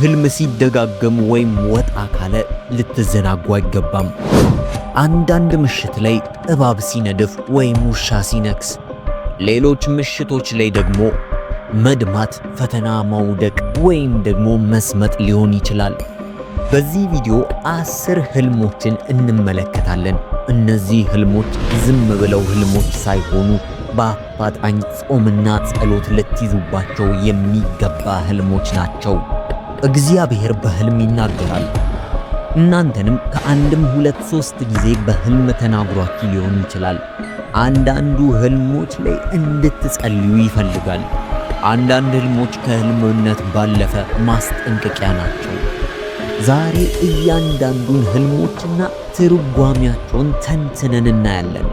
ህልም ሲደጋገም ወይም ወጣ ካለ ልትዘናጉ አይገባም። አንዳንድ ምሽት ላይ እባብ ሲነድፍ ወይም ውሻ ሲነክስ፣ ሌሎች ምሽቶች ላይ ደግሞ መድማት፣ ፈተና፣ መውደቅ ወይም ደግሞ መስመጥ ሊሆን ይችላል። በዚህ ቪዲዮ አስር ህልሞችን እንመለከታለን። እነዚህ ህልሞች ዝም ብለው ህልሞች ሳይሆኑ በአፋጣኝ ጾምና ጸሎት ልትይዙባቸው የሚገባ ህልሞች ናቸው። እግዚአብሔር በህልም ይናገራል። እናንተንም ከአንድም ሁለት ሶስት ጊዜ በህልም ተናግሯችሁ ሊሆን ይችላል። አንዳንዱ ህልሞች ላይ እንድትጸልዩ ይፈልጋል። አንዳንድ ህልሞች ከህልምነት ባለፈ ማስጠንቀቂያ ናቸው። ዛሬ እያንዳንዱን ህልሞችና ትርጓሚያቸውን ተንትነን እናያለን።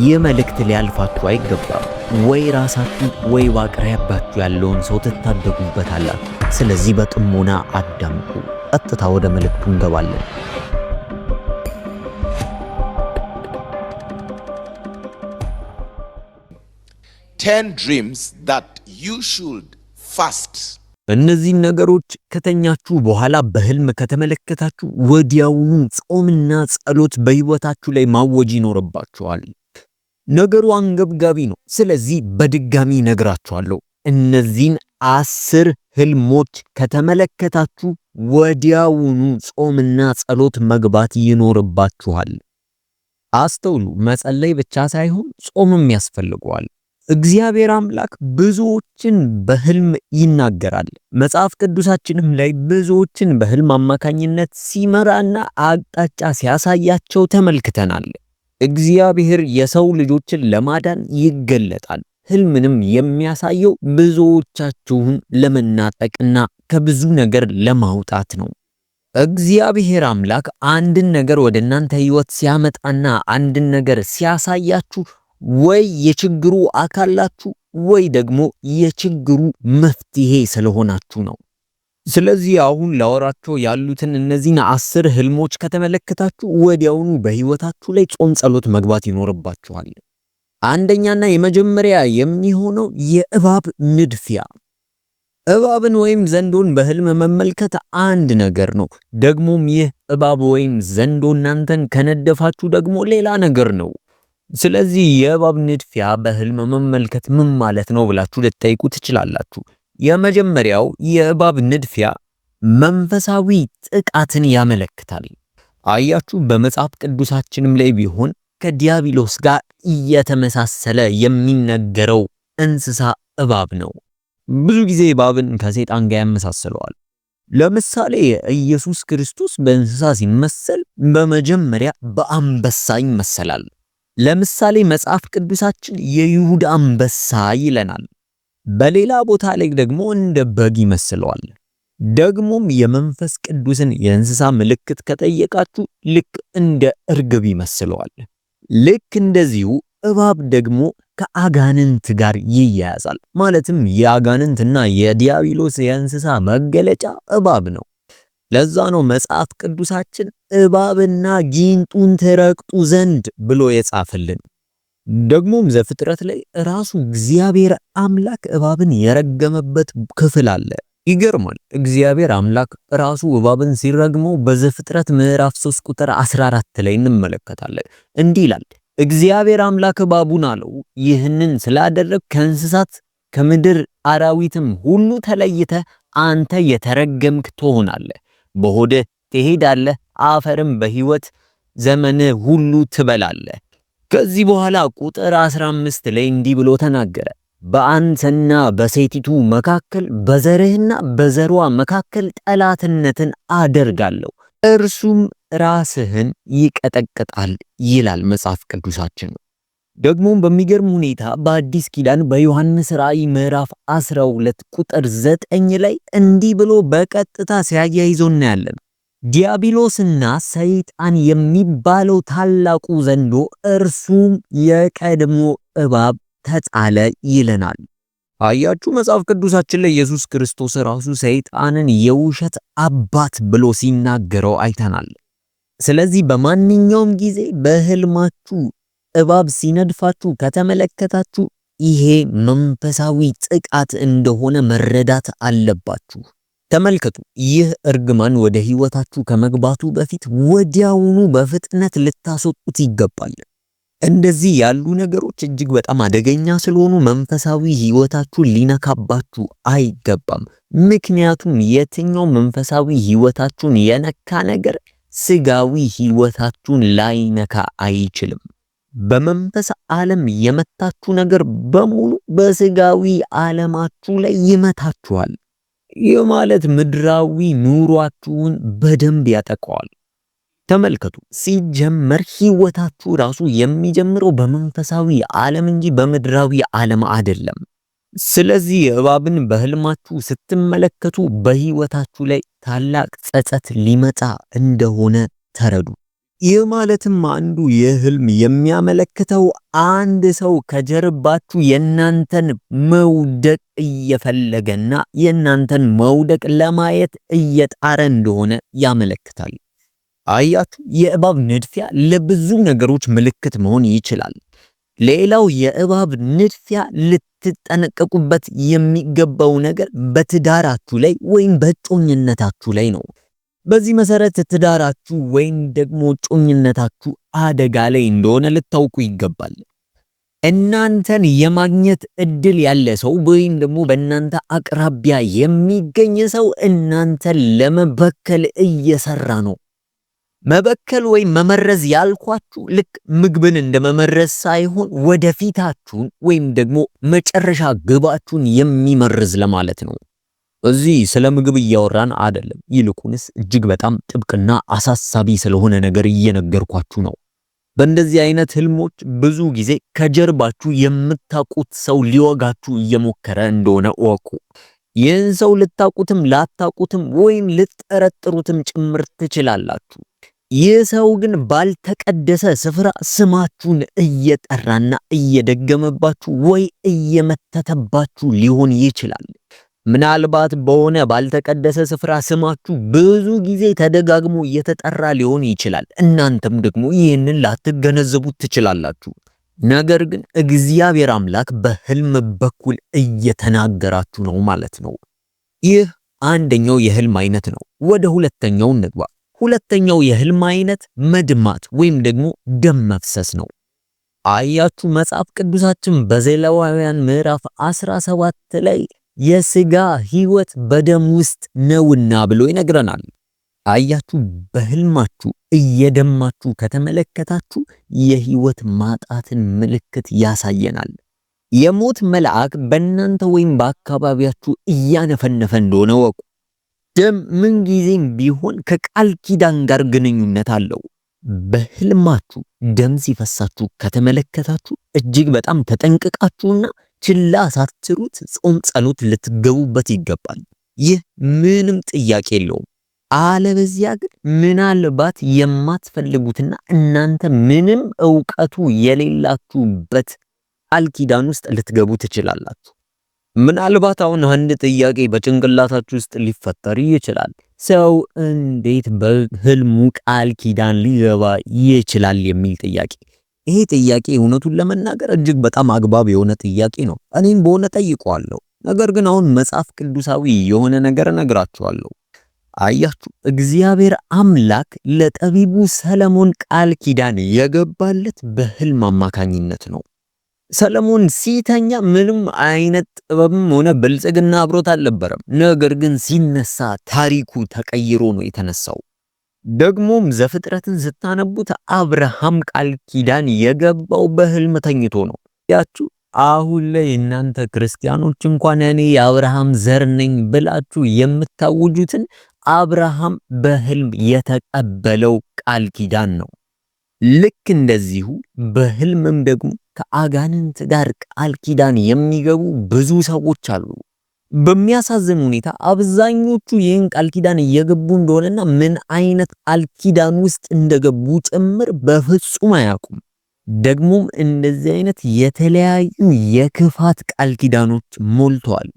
ይህ መልእክት ሊያልፋችሁ አይገባም። ወይ ራሳችሁ ወይ በአቅራቢያችሁ ያለውን ሰው ትታደጉበታላችሁ። ስለዚህ በጥሞና አዳምጡ። ቀጥታ ወደ መልእክቱ እንገባለን። እነዚህን ነገሮች ከተኛችሁ በኋላ በህልም ከተመለከታችሁ ወዲያውኑ ጾምና ጸሎት በህይወታችሁ ላይ ማወጅ ይኖርባችኋል። ነገሩ አንገብጋቢ ነው። ስለዚህ በድጋሚ ነግራችኋለሁ። እነዚህን አስር ህልሞች ከተመለከታችሁ ወዲያውኑ ጾምና ጸሎት መግባት ይኖርባችኋል። አስተውሉ፣ መጸለይ ብቻ ሳይሆን ጾምም ያስፈልገዋል። እግዚአብሔር አምላክ ብዙዎችን በህልም ይናገራል። መጽሐፍ ቅዱሳችንም ላይ ብዙዎችን በህልም አማካኝነት ሲመራና አቅጣጫ ሲያሳያቸው ተመልክተናል። እግዚአብሔር የሰው ልጆችን ለማዳን ይገለጣል። ህልምንም የሚያሳየው ብዙዎቻችሁን ለመናጠቅና ከብዙ ነገር ለማውጣት ነው። እግዚአብሔር አምላክ አንድን ነገር ወደ እናንተ ህይወት ሲያመጣና አንድን ነገር ሲያሳያችሁ ወይ የችግሩ አካላችሁ ወይ ደግሞ የችግሩ መፍትሄ ስለሆናችሁ ነው። ስለዚህ አሁን ላወራቸው ያሉትን እነዚህን አስር ህልሞች ከተመለከታችሁ ወዲያውኑ በህይወታችሁ ላይ ጾም ጸሎት መግባት ይኖርባችኋል። አንደኛና የመጀመሪያ የሚሆነው የእባብ ንድፊያ። እባብን ወይም ዘንዶን በህልም መመልከት አንድ ነገር ነው። ደግሞም ይህ እባብ ወይም ዘንዶ እናንተን ከነደፋችሁ ደግሞ ሌላ ነገር ነው። ስለዚህ የእባብ ንድፊያ በህልም መመልከት ምን ማለት ነው ብላችሁ ልትጠይቁ ትችላላችሁ። የመጀመሪያው የእባብ ንድፊያ መንፈሳዊ ጥቃትን ያመለክታል። አያችሁ፣ በመጽሐፍ ቅዱሳችንም ላይ ቢሆን ከዲያብሎስ ጋር እየተመሳሰለ የሚነገረው እንስሳ እባብ ነው። ብዙ ጊዜ እባብን ከሰይጣን ጋር ያመሳስለዋል። ለምሳሌ ኢየሱስ ክርስቶስ በእንስሳ ሲመሰል፣ በመጀመሪያ በአንበሳ ይመሰላል። ለምሳሌ መጽሐፍ ቅዱሳችን የይሁዳ አንበሳ ይለናል። በሌላ ቦታ ላይ ደግሞ እንደ በግ ይመስለዋል። ደግሞም የመንፈስ ቅዱስን የእንስሳ ምልክት ከጠየቃችሁ ልክ እንደ እርግብ ይመስለዋል። ልክ እንደዚሁ እባብ ደግሞ ከአጋንንት ጋር ይያያዛል። ማለትም የአጋንንትና የዲያብሎስ የእንስሳ መገለጫ እባብ ነው። ለዛ ነው መጽሐፍ ቅዱሳችን እባብና ጊንጡን ትረግጡ ዘንድ ብሎ የጻፈልን። ደግሞም ዘፍጥረት ላይ ራሱ እግዚአብሔር አምላክ እባብን የረገመበት ክፍል አለ። ይገርማል። እግዚአብሔር አምላክ ራሱ እባብን ሲረግመው በዘፍጥረት ምዕራፍ 3 ቁጥር 14 ላይ እንመለከታለን። እንዲህ ይላል፣ እግዚአብሔር አምላክ እባቡን አለው፣ ይህንን ስላደረግ ከእንስሳት ከምድር አራዊትም ሁሉ ተለይተ አንተ የተረገምክ ትሆናለህ፣ በሆደ ትሄዳለህ፣ አፈርም በሕይወት ዘመነ ሁሉ ትበላለህ ከዚህ በኋላ ቁጥር 15 ላይ እንዲህ ብሎ ተናገረ፣ በአንተና በሴቲቱ መካከል በዘርህና በዘሯ መካከል ጠላትነትን አደርጋለሁ፣ እርሱም ራስህን ይቀጠቅጣል ይላል መጽሐፍ ቅዱሳችን። ደግሞም በሚገርም ሁኔታ በአዲስ ኪዳን በዮሐንስ ራእይ ምዕራፍ 12 ቁጥር 9 ላይ እንዲህ ብሎ በቀጥታ ሲያያይዞ እናያለን። ዲያብሎስና ሰይጣን የሚባለው ታላቁ ዘንዶ እርሱም የቀድሞ እባብ ተጣለ ይለናል። አያችሁ መጽሐፍ ቅዱሳችን ላይ ኢየሱስ ክርስቶስ ራሱ ሰይጣንን የውሸት አባት ብሎ ሲናገረው አይተናል። ስለዚህ በማንኛውም ጊዜ በህልማችሁ እባብ ሲነድፋችሁ ከተመለከታችሁ ይሄ መንፈሳዊ ጥቃት እንደሆነ መረዳት አለባችሁ። ተመልከቱ ይህ እርግማን ወደ ህይወታችሁ ከመግባቱ በፊት ወዲያውኑ በፍጥነት ልታስወጡት ይገባል። እንደዚህ ያሉ ነገሮች እጅግ በጣም አደገኛ ስለሆኑ መንፈሳዊ ህይወታችሁን ሊነካባችሁ አይገባም። ምክንያቱም የትኛው መንፈሳዊ ህይወታችሁን የነካ ነገር ስጋዊ ህይወታችሁን ላይነካ አይችልም። በመንፈስ ዓለም የመታችሁ ነገር በሙሉ በስጋዊ ዓለማችሁ ላይ ይመታችኋል። ይህ ማለት ምድራዊ ኑሯችሁን በደንብ ያጠቃዋል። ተመልከቱ፣ ሲጀመር ህይወታችሁ ራሱ የሚጀምረው በመንፈሳዊ ዓለም እንጂ በምድራዊ ዓለም አይደለም። ስለዚህ እባብን በህልማችሁ ስትመለከቱ በህይወታችሁ ላይ ታላቅ ጸጸት ሊመጣ እንደሆነ ተረዱ። ይህ ማለትም አንዱ የህልም የሚያመለክተው አንድ ሰው ከጀርባችሁ የእናንተን መውደቅ እየፈለገና የእናንተን መውደቅ ለማየት እየጣረ እንደሆነ ያመለክታል። አያችሁ፣ የእባብ ንድፊያ ለብዙ ነገሮች ምልክት መሆን ይችላል። ሌላው የእባብ ንድፊያ ልትጠነቀቁበት የሚገባው ነገር በትዳራችሁ ላይ ወይም በእጮኝነታችሁ ላይ ነው። በዚህ መሰረት ትዳራችሁ ወይም ደግሞ ጮኝነታችሁ አደጋ ላይ እንደሆነ ልታውቁ ይገባል። እናንተን የማግኘት እድል ያለ ሰው ወይም ደግሞ በእናንተ አቅራቢያ የሚገኝ ሰው እናንተን ለመበከል እየሰራ ነው። መበከል ወይም መመረዝ ያልኳችሁ ልክ ምግብን እንደመመረዝ ሳይሆን ወደፊታችሁን ወይም ደግሞ መጨረሻ ግባችሁን የሚመርዝ ለማለት ነው። እዚህ ስለ ምግብ እያወራን አይደለም። ይልቁንስ እጅግ በጣም ጥብቅና አሳሳቢ ስለሆነ ነገር እየነገርኳችሁ ነው። በእንደዚህ አይነት ህልሞች ብዙ ጊዜ ከጀርባችሁ የምታቁት ሰው ሊወጋችሁ እየሞከረ እንደሆነ እወቁ። ይህን ሰው ልታቁትም ላታቁትም ወይም ልጠረጥሩትም ጭምር ትችላላችሁ። ይህ ሰው ግን ባልተቀደሰ ስፍራ ስማችሁን እየጠራና እየደገመባችሁ ወይ እየመተተባችሁ ሊሆን ይችላል። ምናልባት በሆነ ባልተቀደሰ ስፍራ ስማችሁ ብዙ ጊዜ ተደጋግሞ እየተጠራ ሊሆን ይችላል። እናንተም ደግሞ ይህንን ላትገነዘቡት ትችላላችሁ። ነገር ግን እግዚአብሔር አምላክ በህልም በኩል እየተናገራችሁ ነው ማለት ነው። ይህ አንደኛው የህልም አይነት ነው። ወደ ሁለተኛው እንግባ። ሁለተኛው የህልም አይነት መድማት ወይም ደግሞ ደም መፍሰስ ነው። አያችሁ መጽሐፍ ቅዱሳችን በዘሌዋውያን ምዕራፍ 17 ላይ የስጋ ህይወት በደም ውስጥ ነውና ብሎ ይነግረናል። አያችሁ፣ በህልማችሁ እየደማችሁ ከተመለከታችሁ የህይወት ማጣትን ምልክት ያሳየናል። የሞት መልአክ በእናንተ ወይም በአካባቢያችሁ እያነፈነፈ እንደሆነ ወቁ። ደም ምንጊዜም ቢሆን ከቃል ኪዳን ጋር ግንኙነት አለው። በህልማችሁ ደም ሲፈሳችሁ ከተመለከታችሁ እጅግ በጣም ተጠንቅቃችሁና ችላ ሳትሉት ጾም ጸሎት ልትገቡበት ይገባል። ይህ ምንም ጥያቄ የለውም። አለበዚያ ግን ምናልባት የማትፈልጉትና እናንተ ምንም እውቀቱ የሌላችሁበት አልኪዳን ውስጥ ልትገቡ ትችላላችሁ። ምናልባት አሁን አንድ ጥያቄ በጭንቅላታችሁ ውስጥ ሊፈጠር ይችላል። ሰው እንዴት በህልሙ ቃል ኪዳን ሊገባ ይችላል የሚል ጥያቄ ይሄ ጥያቄ እውነቱን ለመናገር እጅግ በጣም አግባብ የሆነ ጥያቄ ነው። እኔም በሆነ ጠይቀዋለሁ። ነገር ግን አሁን መጽሐፍ ቅዱሳዊ የሆነ ነገር እነግራችኋለሁ። አያችሁ እግዚአብሔር አምላክ ለጠቢቡ ሰለሞን ቃል ኪዳን የገባለት በህልም አማካኝነት ነው። ሰለሞን ሲተኛ ምንም አይነት ጥበብም ሆነ ብልጽግና አብሮት አልነበረም። ነገር ግን ሲነሳ ታሪኩ ተቀይሮ ነው የተነሳው። ደግሞም ዘፍጥረትን ስታነቡት አብርሃም ቃል ኪዳን የገባው በህልም ተኝቶ ነው። ያችሁ አሁን ላይ እናንተ ክርስቲያኖች እንኳን እኔ የአብርሃም ዘር ነኝ ብላችሁ የምታውጁትን አብርሃም በህልም የተቀበለው ቃል ኪዳን ነው። ልክ እንደዚሁ በህልምም ደግሞ ከአጋንንት ጋር ቃል ኪዳን የሚገቡ ብዙ ሰዎች አሉ። በሚያሳዝን ሁኔታ አብዛኞቹ ይህን ቃል ኪዳን እየገቡ እንደሆነና ምን አይነት ቃል ኪዳን ውስጥ እንደገቡ ጭምር በፍጹም አያውቁም። ደግሞም እንደዚህ አይነት የተለያዩ የክፋት ቃል ኪዳኖች ሞልተዋል።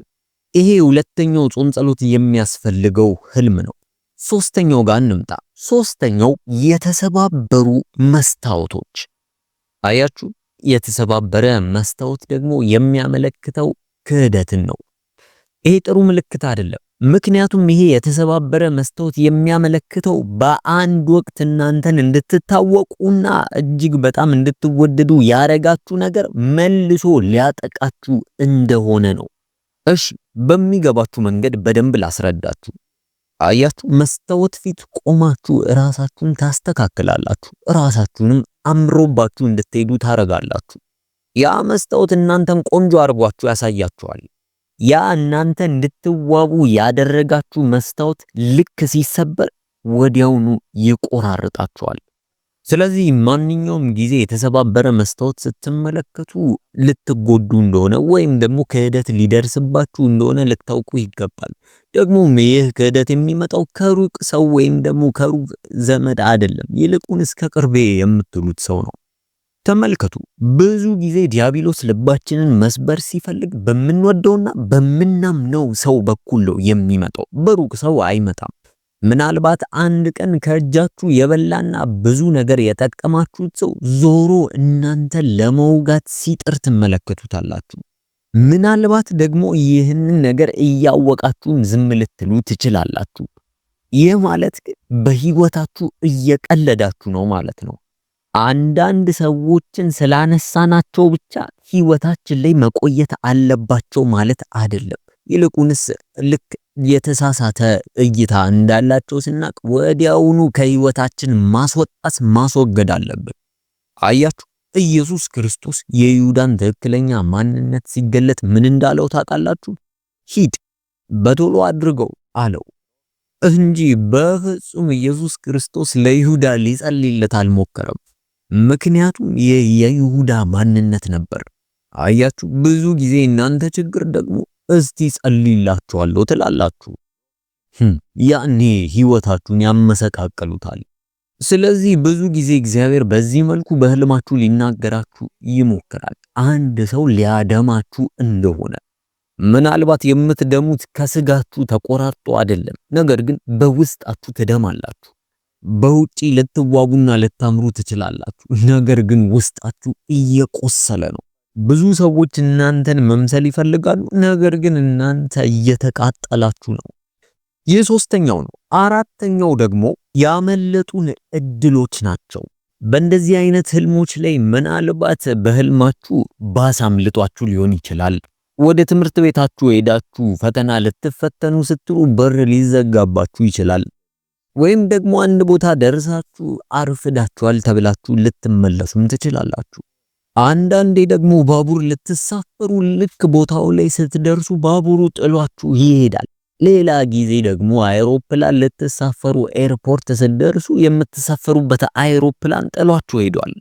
ይሄ ሁለተኛው ጾም ጸሎት የሚያስፈልገው ህልም ነው። ሶስተኛው ጋር እንምጣ። ሶስተኛው የተሰባበሩ መስታወቶች አያችሁ። የተሰባበረ መስታወት ደግሞ የሚያመለክተው ክህደትን ነው። ይሄ ጥሩ ምልክት አይደለም። ምክንያቱም ይሄ የተሰባበረ መስታወት የሚያመለክተው በአንድ ወቅት እናንተን እንድትታወቁና እጅግ በጣም እንድትወደዱ ያረጋችሁ ነገር መልሶ ሊያጠቃችሁ እንደሆነ ነው። እሺ፣ በሚገባችሁ መንገድ በደንብ ላስረዳችሁ። አያችሁ፣ መስታወት ፊት ቆማችሁ ራሳችሁን ታስተካክላላችሁ፣ ራሳችሁንም አምሮባችሁ እንድትሄዱ ታረጋላችሁ። ያ መስታወት እናንተን ቆንጆ አርጓችሁ ያሳያችኋል። ያ እናንተ እንድትዋቡ ያደረጋችሁ መስታወት ልክ ሲሰበር ወዲያውኑ ይቆራርጣችኋል። ስለዚህ ማንኛውም ጊዜ የተሰባበረ መስታወት ስትመለከቱ ልትጎዱ እንደሆነ ወይም ደግሞ ክህደት ሊደርስባችሁ እንደሆነ ልታውቁ ይገባል። ደግሞ ይህ ክህደት የሚመጣው ከሩቅ ሰው ወይም ደግሞ ከሩቅ ዘመድ አይደለም፣ ይልቁን እስከ ቅርቤ የምትሉት ሰው ነው። ተመልከቱ ብዙ ጊዜ ዲያብሎስ ልባችንን መስበር ሲፈልግ በምንወደውና በምናምነው ሰው በኩል ነው የሚመጣው። በሩቅ ሰው አይመጣም። ምናልባት አንድ ቀን ከእጃችሁ የበላና ብዙ ነገር የጠቀማችሁት ሰው ዞሮ እናንተ ለመውጋት ሲጥር ትመለከቱታላችሁ። ምናልባት ደግሞ ይህንን ነገር እያወቃችሁም ዝም ልትሉ ትችላላችሁ። ይህ ማለት ግን በህይወታችሁ እየቀለዳችሁ ነው ማለት ነው። አንዳንድ ሰዎችን ስላነሳናቸው ብቻ ህይወታችን ላይ መቆየት አለባቸው ማለት አይደለም። ይልቁንስ ልክ የተሳሳተ እይታ እንዳላቸው ስናቅ ወዲያውኑ ከህይወታችን ማስወጣት ማስወገድ አለብን። አያችሁ ኢየሱስ ክርስቶስ የይሁዳን ትክክለኛ ማንነት ሲገለጥ ምን እንዳለው ታውቃላችሁ? ሂድ በቶሎ አድርገው አለው እንጂ በፍጹም ኢየሱስ ክርስቶስ ለይሁዳ ሊጸልይለት አልሞከረም። ምክንያቱም የይሁዳ ማንነት ነበር። አያችሁ፣ ብዙ ጊዜ እናንተ ችግር ደግሞ እስቲ ጸልይላችኋለሁ ትላላችሁ። hm፣ ያኔ ህይወታችሁን ያመሰቃቀሉታል። ስለዚህ ብዙ ጊዜ እግዚአብሔር በዚህ መልኩ በህልማችሁ ሊናገራችሁ ይሞክራል። አንድ ሰው ሊያደማችሁ እንደሆነ ምናልባት የምትደሙት ከስጋችሁ ተቆራርጦ አይደለም፣ ነገር ግን በውስጣችሁ ትደማላችሁ። በውጪ ልትዋቡና ልታምሩ ትችላላችሁ፣ ነገር ግን ውስጣችሁ እየቆሰለ ነው። ብዙ ሰዎች እናንተን መምሰል ይፈልጋሉ፣ ነገር ግን እናንተ እየተቃጠላችሁ ነው። ይህ ሶስተኛው ነው። አራተኛው ደግሞ ያመለጡን እድሎች ናቸው። በእንደዚህ አይነት ህልሞች ላይ ምናልባት በህልማችሁ ባስ አምልጧችሁ ሊሆን ይችላል። ወደ ትምህርት ቤታችሁ ሄዳችሁ ፈተና ልትፈተኑ ስትሉ በር ሊዘጋባችሁ ይችላል። ወይም ደግሞ አንድ ቦታ ደርሳችሁ አርፍዳችኋል ተብላችሁ ልትመለሱም ትችላላችሁ። አንዳንዴ ደግሞ ባቡር ልትሳፈሩ ልክ ቦታው ላይ ስትደርሱ ባቡሩ ጥሏችሁ ይሄዳል። ሌላ ጊዜ ደግሞ አይሮፕላን ልትሳፈሩ ኤርፖርት ስትደርሱ የምትሳፈሩበት አይሮፕላን ጥሏችሁ ሄዷል።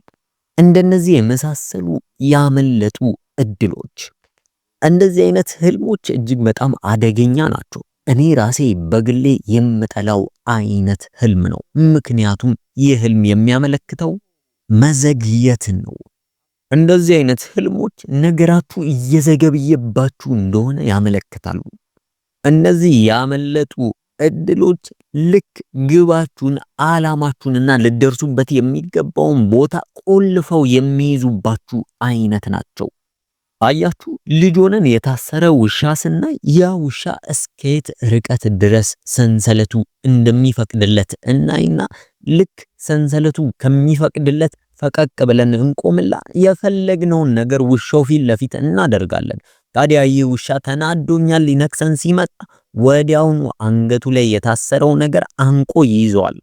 እንደነዚህ የመሳሰሉ ያመለጡ እድሎች፣ እንደዚህ አይነት ህልሞች እጅግ በጣም አደገኛ ናቸው። እኔ ራሴ በግሌ የምጠላው አይነት ህልም ነው። ምክንያቱም ይህ ህልም የሚያመለክተው መዘግየትን ነው። እንደዚህ አይነት ህልሞች ነገራችሁ እየዘገበየባችሁ እንደሆነ ያመለክታሉ። እነዚህ ያመለጡ እድሎች ልክ ግባችሁን፣ አላማችሁንና ልደርሱበት የሚገባውን ቦታ ቆልፈው የሚይዙባችሁ አይነት ናቸው። አያችሁ ልጆነን የታሰረ ውሻ ስናይ ያ ውሻ እስከየት ርቀት ድረስ ሰንሰለቱ እንደሚፈቅድለት እናይና ልክ ሰንሰለቱ ከሚፈቅድለት ፈቀቅ ብለን እንቆምላ የፈለግነውን ነገር ውሻው ፊት ለፊት እናደርጋለን። ታዲያ ይህ ውሻ ተናዶኛል ሊነክሰን ሲመጣ ወዲያውኑ አንገቱ ላይ የታሰረው ነገር አንቆ ይይዘዋል።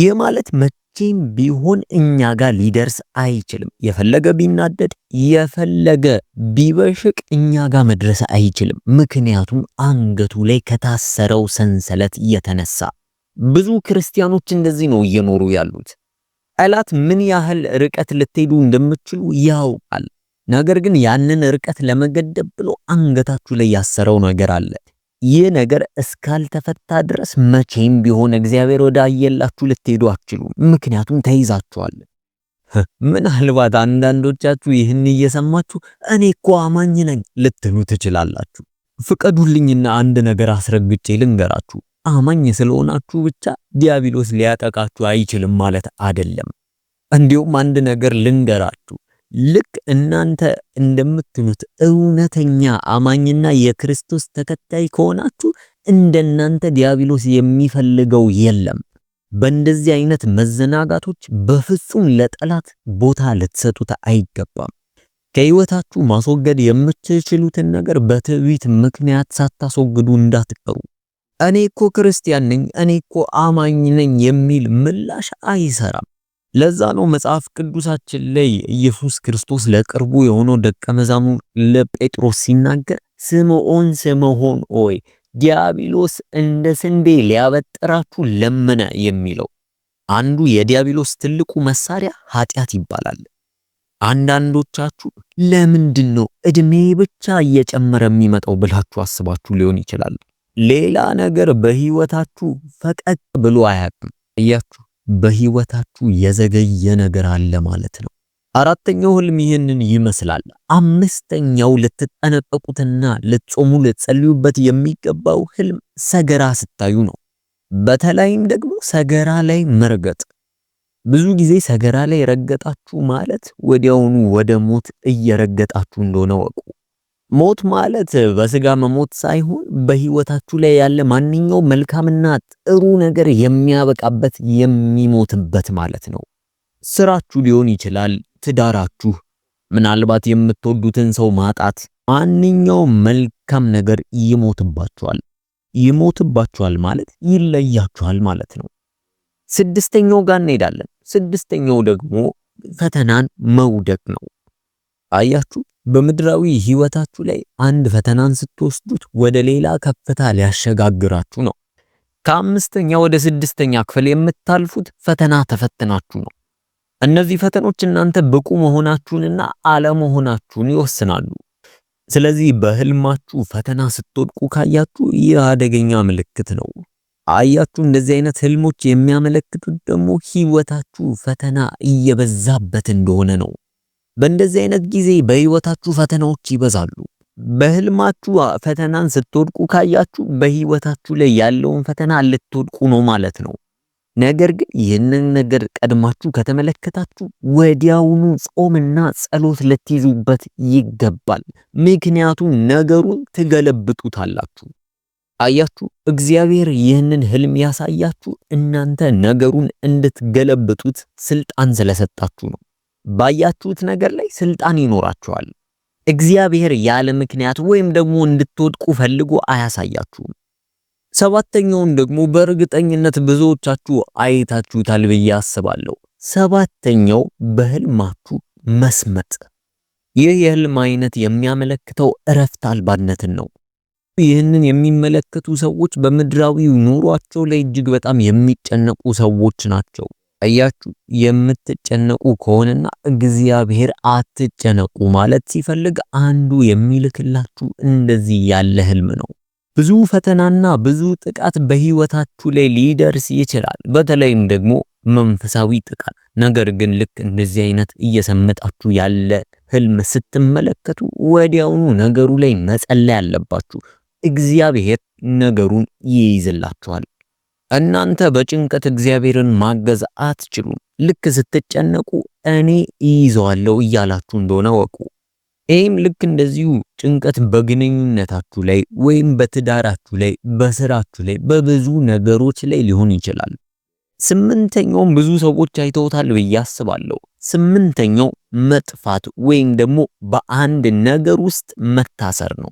ይህ ማለት መቼም ቢሆን እኛ ጋር ሊደርስ አይችልም። የፈለገ ቢናደድ የፈለገ ቢበሽቅ እኛ ጋር መድረስ አይችልም። ምክንያቱም አንገቱ ላይ ከታሰረው ሰንሰለት የተነሳ ብዙ ክርስቲያኖች እንደዚህ ነው እየኖሩ ያሉት። ጠላት ምን ያህል ርቀት ልትሄዱ እንደምትችሉ ያውቃል። ነገር ግን ያንን ርቀት ለመገደብ ብሎ አንገታችሁ ላይ ያሰረው ነገር አለ። ይህ ነገር እስካልተፈታ ድረስ መቼም ቢሆን እግዚአብሔር ወደ አየላችሁ ልትሄዱ አትችሉም። ምክንያቱም ተይዛችኋል። ምናልባት አንዳንዶቻችሁ ይህን እየሰማችሁ እኔ እኮ አማኝ ነኝ ልትሉ ትችላላችሁ። ፍቀዱልኝና አንድ ነገር አስረግጬ ልንገራችሁ። አማኝ ስለሆናችሁ ብቻ ዲያብሎስ ሊያጠቃችሁ አይችልም ማለት አይደለም። እንዲሁም አንድ ነገር ልንገራችሁ ልክ እናንተ እንደምትሉት እውነተኛ አማኝና የክርስቶስ ተከታይ ከሆናችሁ እንደናንተ ዲያብሎስ የሚፈልገው የለም። በእንደዚህ አይነት መዘናጋቶች በፍጹም ለጠላት ቦታ ልትሰጡት አይገባም። ከህይወታችሁ ማስወገድ የምትችሉትን ነገር በትዕቢት ምክንያት ሳታስወግዱ እንዳትቀሩ። እኔ እኮ ክርስቲያን ነኝ፣ እኔ እኮ አማኝ ነኝ የሚል ምላሽ አይሰራም። ለዛ ነው መጽሐፍ ቅዱሳችን ላይ ኢየሱስ ክርስቶስ ለቅርቡ የሆነው ደቀ መዛሙር ለጴጥሮስ ሲናገር ስምዖን ስምዖን ሆይ ዲያብሎስ እንደ ስንዴ ሊያበጥራችሁ ለመነ የሚለው። አንዱ የዲያብሎስ ትልቁ መሳሪያ ኃጢአት ይባላል። አንዳንዶቻችሁ ለምንድን ነው እድሜ ብቻ እየጨመረ የሚመጣው ብላችሁ አስባችሁ ሊሆን ይችላል። ሌላ ነገር በህይወታችሁ ፈቀቅ ብሎ አያውቅም እያችሁ በህይወታችሁ የዘገየ ነገር አለ ማለት ነው። አራተኛው ህልም ይህንን ይመስላል። አምስተኛው ልትጠነቀቁትና ልትጾሙ ልትጸልዩበት የሚገባው ህልም ሰገራ ስታዩ ነው። በተለይም ደግሞ ሰገራ ላይ መርገጥ። ብዙ ጊዜ ሰገራ ላይ ረገጣችሁ ማለት ወዲያውኑ ወደ ሞት እየረገጣችሁ እንደሆነ ወቁ። ሞት ማለት በስጋ መሞት ሳይሆን በህይወታችሁ ላይ ያለ ማንኛው መልካምና ጥሩ ነገር የሚያበቃበት የሚሞትበት ማለት ነው። ስራችሁ ሊሆን ይችላል፣ ትዳራችሁ፣ ምናልባት የምትወዱትን ሰው ማጣት፣ ማንኛው መልካም ነገር ይሞትባችኋል። ይሞትባችኋል ማለት ይለያችኋል ማለት ነው። ስድስተኛው ጋር እንሄዳለን። ስድስተኛው ደግሞ ፈተናን መውደቅ ነው። አያችሁ በምድራዊ ህይወታችሁ ላይ አንድ ፈተናን ስትወስዱት ወደ ሌላ ከፍታ ሊያሸጋግራችሁ ነው። ከአምስተኛ ወደ ስድስተኛ ክፍል የምታልፉት ፈተና ተፈትናችሁ ነው። እነዚህ ፈተኖች እናንተ ብቁ መሆናችሁንና አለመሆናችሁን ይወስናሉ። ስለዚህ በህልማችሁ ፈተና ስትወድቁ ካያችሁ ይህ አደገኛ ምልክት ነው። አያችሁ፣ እንደዚህ አይነት ህልሞች የሚያመለክቱት ደግሞ ህይወታችሁ ፈተና እየበዛበት እንደሆነ ነው። በእንደዚህ አይነት ጊዜ በህይወታችሁ ፈተናዎች ይበዛሉ። በህልማችሁ ፈተናን ስትወድቁ ካያችሁ በህይወታችሁ ላይ ያለውን ፈተና ልትወድቁ ነው ማለት ነው። ነገር ግን ይህንን ነገር ቀድማችሁ ከተመለከታችሁ ወዲያውኑ ጾምና ጸሎት ልትይዙበት ይገባል። ምክንያቱም ነገሩን ትገለብጡታላችሁ። አያችሁ፣ እግዚአብሔር ይህንን ህልም ያሳያችሁ እናንተ ነገሩን እንድትገለብጡት ስልጣን ስለሰጣችሁ ነው። ባያችሁት ነገር ላይ ስልጣን ይኖራችኋል። እግዚአብሔር ያለ ምክንያት ወይም ደግሞ እንድትወድቁ ፈልጎ አያሳያችሁም። ሰባተኛውን ደግሞ በእርግጠኝነት ብዙዎቻችሁ አይታችሁታል ብዬ አስባለሁ። ሰባተኛው በህልማችሁ መስመጥ። ይህ የህልም አይነት የሚያመለክተው እረፍት አልባነትን ነው። ይህንን የሚመለከቱ ሰዎች በምድራዊ ኑሯቸው ላይ እጅግ በጣም የሚጨነቁ ሰዎች ናቸው። አያችሁ የምትጨነቁ ከሆነና እግዚአብሔር አትጨነቁ ማለት ሲፈልግ አንዱ የሚልክላችሁ እንደዚህ ያለ ህልም ነው። ብዙ ፈተናና ብዙ ጥቃት በህይወታችሁ ላይ ሊደርስ ይችላል። በተለይም ደግሞ መንፈሳዊ ጥቃት። ነገር ግን ልክ እንደዚህ አይነት እየሰመጣችሁ ያለ ህልም ስትመለከቱ ወዲያውኑ ነገሩ ላይ መጸለይ አለባችሁ። እግዚአብሔር ነገሩን ይይዝላችኋል። እናንተ በጭንቀት እግዚአብሔርን ማገዝ አትችሉም። ልክ ስትጨነቁ እኔ እይዘዋለሁ እያላችሁ እንደሆነ ወቁ። ይህም ልክ እንደዚሁ ጭንቀት በግንኙነታችሁ ላይ ወይም በትዳራችሁ ላይ፣ በስራችሁ ላይ፣ በብዙ ነገሮች ላይ ሊሆን ይችላል። ስምንተኛውም ብዙ ሰዎች አይተውታል ብዬ አስባለሁ። ስምንተኛው መጥፋት ወይም ደግሞ በአንድ ነገር ውስጥ መታሰር ነው።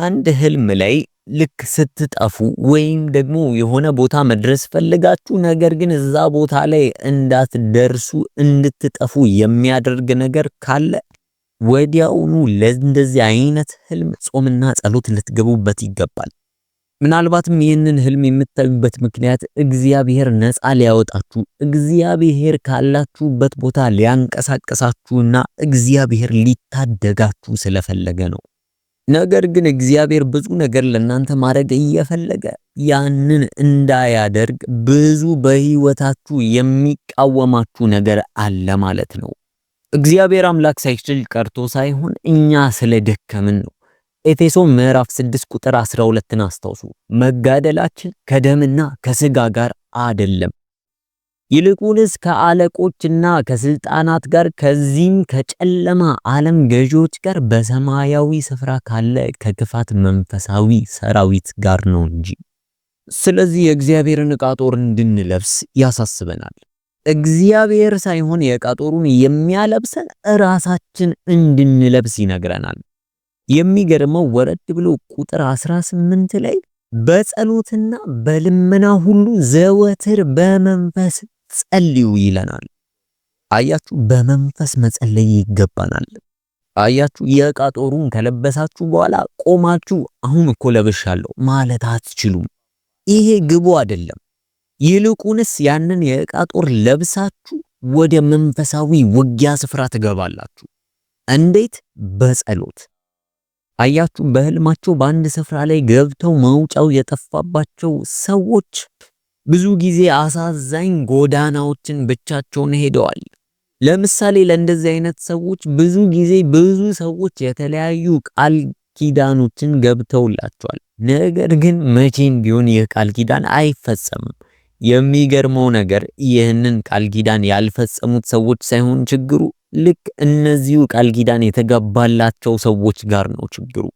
አንድ ህልም ላይ ልክ ስትጠፉ ወይም ደግሞ የሆነ ቦታ መድረስ ፈልጋችሁ ነገር ግን እዛ ቦታ ላይ እንዳትደርሱ እንድትጠፉ የሚያደርግ ነገር ካለ ወዲያውኑ ለእንደዚህ አይነት ህልም ጾምና ጸሎት ልትገቡበት ይገባል። ምናልባትም ይህንን ህልም የምታዩበት ምክንያት እግዚአብሔር ነፃ ሊያወጣችሁ፣ እግዚአብሔር ካላችሁበት ቦታ ሊያንቀሳቀሳችሁና እግዚአብሔር ሊታደጋችሁ ስለፈለገ ነው። ነገር ግን እግዚአብሔር ብዙ ነገር ለእናንተ ማድረግ እየፈለገ ያንን እንዳያደርግ ብዙ በህይወታችሁ የሚቃወማችሁ ነገር አለ ማለት ነው። እግዚአብሔር አምላክ ሳይችል ቀርቶ ሳይሆን እኛ ስለደከምን ነው። ኤፌሶ ምዕራፍ 6 ቁጥር 12ን አስታውሱ። መጋደላችን ከደምና ከስጋ ጋር አይደለም። ይልቁንስ ከአለቆችና ከስልጣናት ጋር ከዚህም ከጨለማ ዓለም ገዢዎች ጋር በሰማያዊ ስፍራ ካለ ከክፋት መንፈሳዊ ሰራዊት ጋር ነው እንጂ። ስለዚህ የእግዚአብሔርን ዕቃ ጦር እንድንለብስ ያሳስበናል። እግዚአብሔር ሳይሆን የዕቃ ጦሩን የሚያለብሰን ራሳችን እንድንለብስ ይነግረናል። የሚገርመው ወረድ ብሎ ቁጥር 18 ላይ በጸሎትና በልመና ሁሉ ዘወትር በመንፈስ ጸልዩ ይለናል። አያችሁ፣ በመንፈስ መጸለይ ይገባናል። አያችሁ፣ የእቃ ጦሩን ከለበሳችሁ በኋላ ቆማችሁ አሁን እኮ ለብሻለሁ ማለት አትችሉም። ይሄ ግቡ አይደለም። ይልቁንስ ያንን የእቃ ጦር ለብሳችሁ ወደ መንፈሳዊ ውጊያ ስፍራ ትገባላችሁ። እንዴት? በጸሎት አያችሁ። በህልማቸው በአንድ ስፍራ ላይ ገብተው መውጫው የጠፋባቸው ሰዎች ብዙ ጊዜ አሳዛኝ ጎዳናዎችን ብቻቸውን ሄደዋል። ለምሳሌ ለእንደዚህ አይነት ሰዎች ብዙ ጊዜ ብዙ ሰዎች የተለያዩ ቃል ኪዳኖችን ገብተውላቸዋል። ነገር ግን መቼም ቢሆን ይህ ቃል ኪዳን አይፈጸምም። የሚገርመው ነገር ይህንን ቃል ኪዳን ያልፈጸሙት ሰዎች ሳይሆን ችግሩ ልክ እነዚሁ ቃል ኪዳን የተገባላቸው ሰዎች ጋር ነው ችግሩ።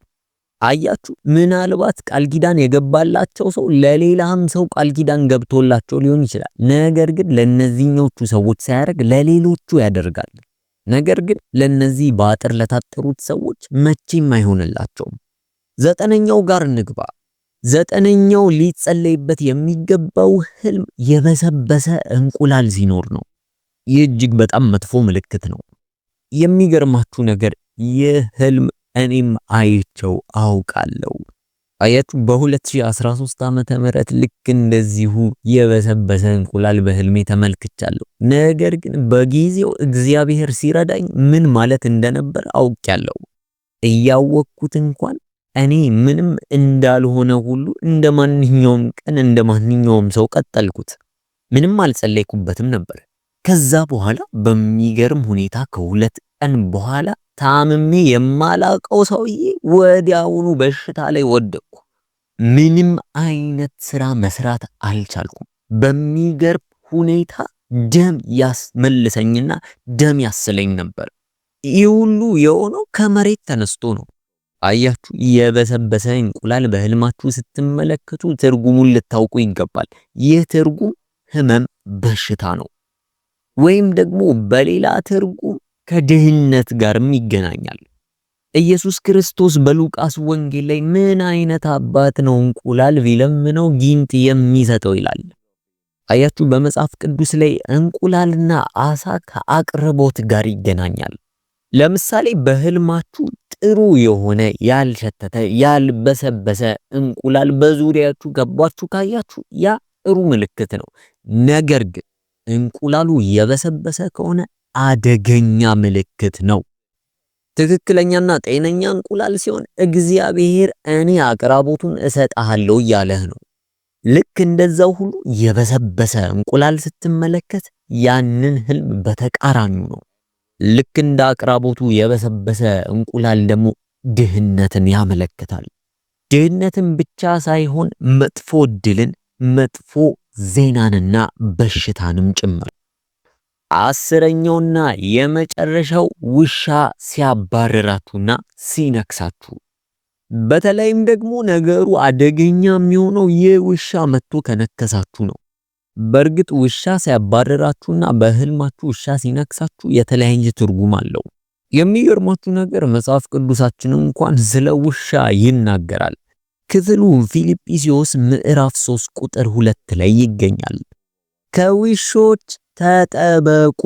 አያችሁ፣ ምናልባት ቃል ኪዳን የገባላቸው ሰው ለሌላም ሰው ቃል ኪዳን ገብቶላቸው ሊሆን ይችላል። ነገር ግን ለነዚህኞቹ ሰዎች ሳያደርግ ለሌሎቹ ያደርጋል። ነገር ግን ለነዚህ በአጥር ለታጠሩት ሰዎች መቼም አይሆንላቸውም። ዘጠነኛው ጋር ንግባ ዘጠነኛው ሊጸለይበት የሚገባው ህልም የበሰበሰ እንቁላል ሲኖር ነው። ይህ እጅግ በጣም መጥፎ ምልክት ነው። የሚገርማችሁ ነገር ይህ ህልም እኔም አይቸው አውቃለሁ። አያችሁ በ2013 ዓመተ ምህረት ልክ እንደዚሁ የበሰበሰ እንቁላል በህልሜ ተመልክቻለሁ። ነገር ግን በጊዜው እግዚአብሔር ሲረዳኝ ምን ማለት እንደነበር አውቄያለሁ። እያወቅኩት እንኳን እኔ ምንም እንዳልሆነ ሁሉ እንደ ማንኛውም ቀን እንደ ማንኛውም ሰው ቀጠልኩት። ምንም አልጸለይኩበትም ነበር። ከዛ በኋላ በሚገርም ሁኔታ ከሁለት ቀን በኋላ ታምሜ የማላቀው ሰውዬ ወዲያውኑ በሽታ ላይ ወደቅኩ። ምንም አይነት ስራ መስራት አልቻልኩም። በሚገርም ሁኔታ ደም ያስመልሰኝና ደም ያስለኝ ነበር። ይህ ሁሉ የሆነው ከመሬት ተነስቶ ነው። አያችሁ፣ የበሰበሰ እንቁላል በህልማችሁ ስትመለከቱ ትርጉሙን ልታውቁ ይገባል። ይህ ትርጉም ህመም፣ በሽታ ነው። ወይም ደግሞ በሌላ ትርጉም ከድህነት ጋርም ይገናኛል። ኢየሱስ ክርስቶስ በሉቃስ ወንጌል ላይ ምን አይነት አባት ነው እንቁላል ቢለምነው ጊንጥ የሚሰጠው ይላል። አያችሁ፣ በመጽሐፍ ቅዱስ ላይ እንቁላልና አሳ ከአቅርቦት ጋር ይገናኛል። ለምሳሌ በህልማችሁ ጥሩ የሆነ ያልሸተተ ያልበሰበሰ እንቁላል በዙሪያችሁ ገቧችሁ ካያችሁ ያ ጥሩ ምልክት ነው። ነገር ግን እንቁላሉ የበሰበሰ ከሆነ አደገኛ ምልክት ነው። ትክክለኛና ጤነኛ እንቁላል ሲሆን እግዚአብሔር እኔ አቅራቦቱን እሰጥሃለሁ እያለህ ነው። ልክ እንደዛው ሁሉ የበሰበሰ እንቁላል ስትመለከት ያንን ህልም በተቃራኒው ነው። ልክ እንደ አቅራቦቱ የበሰበሰ እንቁላል ደግሞ ድህነትን ያመለክታል። ድህነትን ብቻ ሳይሆን መጥፎ እድልን፣ መጥፎ ዜናንና በሽታንም ጭምር አስረኛውና የመጨረሻው ውሻ ሲያባረራችሁና ሲነክሳችሁ፣ በተለይም ደግሞ ነገሩ አደገኛ የሚሆነው ይህ ውሻ መጥቶ ከነከሳችሁ ነው። በእርግጥ ውሻ ሲያባረራችሁና በህልማችሁ ውሻ ሲነክሳችሁ የተለያየ ትርጉም አለው። የሚገርማችሁ ነገር መጽሐፍ ቅዱሳችን እንኳን ስለ ውሻ ይናገራል። ክፍሉ ፊልጵስዩስ ምዕራፍ 3 ቁጥር 2 ላይ ይገኛል። ከውሾች ተጠበቁ።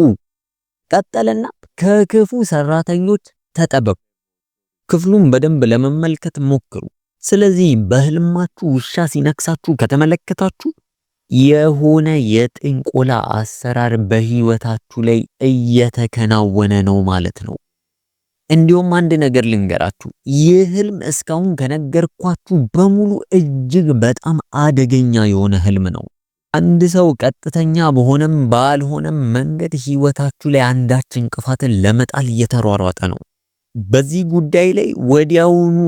ቀጠለና ከክፉ ሰራተኞች ተጠበቁ። ክፍሉን በደንብ ለመመልከት ሞክሩ። ስለዚህ በህልማችሁ ውሻ ሲነክሳችሁ ከተመለከታችሁ የሆነ የጥንቆላ አሰራር በህይወታችሁ ላይ እየተከናወነ ነው ማለት ነው። እንዲሁም አንድ ነገር ልንገራችሁ። ይህ ህልም እስካሁን ከነገርኳችሁ በሙሉ እጅግ በጣም አደገኛ የሆነ ህልም ነው። አንድ ሰው ቀጥተኛ በሆነም ባልሆነም መንገድ ህይወታችሁ ላይ አንዳች እንቅፋትን ለመጣል እየተሯሯጠ ነው። በዚህ ጉዳይ ላይ ወዲያውኑ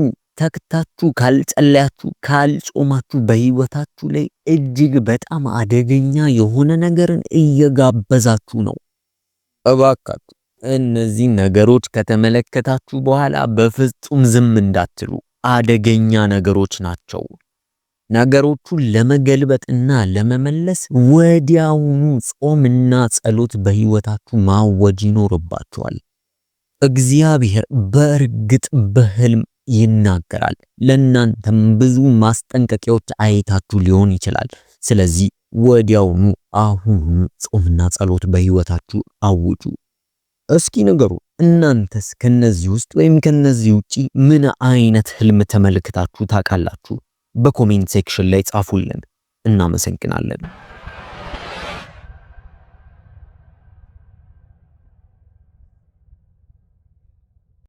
ተክታችሁ ካልጸለያችሁ፣ ካልጾማችሁ በህይወታችሁ ላይ እጅግ በጣም አደገኛ የሆነ ነገርን እየጋበዛችሁ ነው። እባካችሁ እነዚህ ነገሮች ከተመለከታችሁ በኋላ በፍጹም ዝም እንዳትሉ፣ አደገኛ ነገሮች ናቸው። ነገሮቹን ለመገልበጥና ለመመለስ ወዲያውኑ ጾምና ጸሎት በህይወታችሁ ማወጅ ይኖርባችኋል። እግዚአብሔር በእርግጥ በህልም ይናገራል። ለእናንተም ብዙ ማስጠንቀቂያዎች አይታችሁ ሊሆን ይችላል። ስለዚህ ወዲያውኑ አሁኑ ጾምና ጸሎት በህይወታችሁ አውጁ። እስኪ ነገሩ እናንተስ ከነዚህ ውስጥ ወይም ከነዚህ ውጪ ምን አይነት ህልም ተመልክታችሁ ታውቃላችሁ? በኮሜንት ሴክሽን ላይ ጻፉልን። እናመሰግናለን።